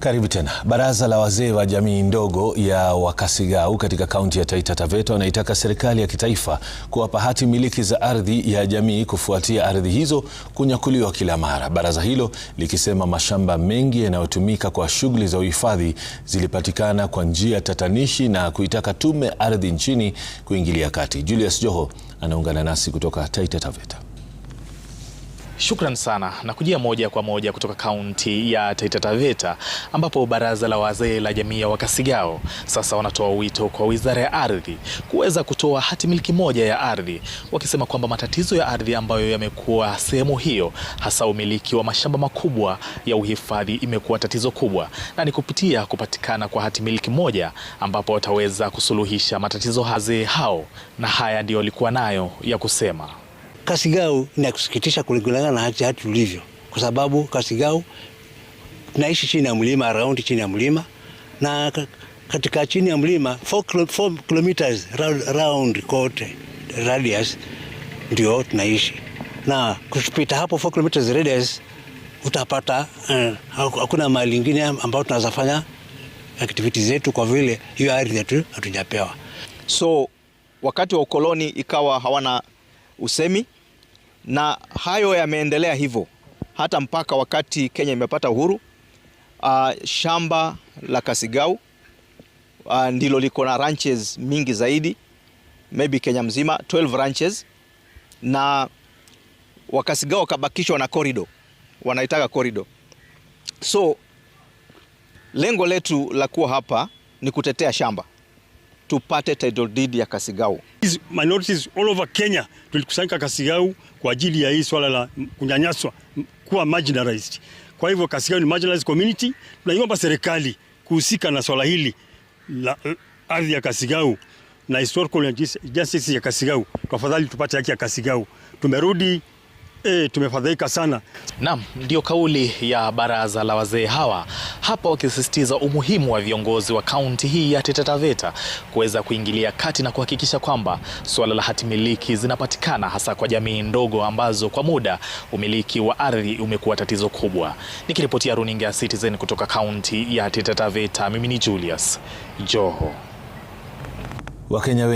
Karibu tena. Baraza la wazee wa jamii ndogo ya Wakasigau katika kaunti ya Taita Taveta wanaitaka serikali ya kitaifa kuwapa hati miliki za ardhi ya jamii kufuatia ardhi hizo kunyakuliwa kila mara. Baraza hilo likisema mashamba mengi yanayotumika kwa shughuli za uhifadhi zilipatikana kwa njia tatanishi na kuitaka tume ardhi nchini kuingilia kati. Julius Joho anaungana nasi kutoka Taita Taveta. Shukran sana na kujia moja kwa moja kutoka kaunti ya Taita Taveta ambapo baraza la wazee la jamii ya Wakasigao sasa wanatoa wito kwa wizara ya ardhi kuweza kutoa hati miliki moja ya ardhi, wakisema kwamba matatizo ya ardhi ambayo yamekuwa sehemu hiyo, hasa umiliki wa mashamba makubwa ya uhifadhi, imekuwa tatizo kubwa, na ni kupitia kupatikana kwa hati miliki moja ambapo wataweza kusuluhisha matatizo hazee hao, na haya ndiyo walikuwa nayo ya kusema. Kasigau inakusikitisha kulingana na hati hati tulivyo, kwa sababu Kasigau tunaishi chini ya mlima, around chini ya mlima na katika chini ya mlima 4 kilometers round kote radius ndio tunaishi, na kupita hapo 4 kilometers radius utapata uh, hakuna mali nyingine ambayo tunaweza fanya activities zetu kwa vile hiyo ardhi yetu hatujapewa. So wakati wa ukoloni ikawa hawana usemi, na hayo yameendelea hivyo hata mpaka wakati Kenya imepata uhuru. Uh, shamba la Kasigau uh, ndilo liko na ranches mingi zaidi maybe Kenya mzima 12 ranches, na Wakasigau wakabakishwa na corridor, wanaitaka corridor. So lengo letu la kuwa hapa ni kutetea shamba tupate title deed ya Kasigau. Minorities all over Kenya tulikusanyika Kasigau kwa ajili ya hii swala la kunyanyaswa, kuwa marginalized. Kwa hivyo Kasigau ni marginalized community, tunaiomba serikali kuhusika na swala hili la eh, ardhi ya Kasigau na historical justice ya Kasigau. Tafadhali tupate haki ya Kasigau. Tumerudi E, tumefadhaika sana. Naam, ndio kauli ya baraza la wazee hawa hapa wakisisitiza umuhimu wa viongozi wa kaunti hii ya Taita Taveta kuweza kuingilia kati na kuhakikisha kwamba suala la hati miliki zinapatikana hasa kwa jamii ndogo ambazo kwa muda umiliki wa ardhi umekuwa tatizo kubwa. Nikiripotia runinga ya Citizen kutoka kaunti ya Taita Taveta, mimi ni Julius Joho. Wakenya wengi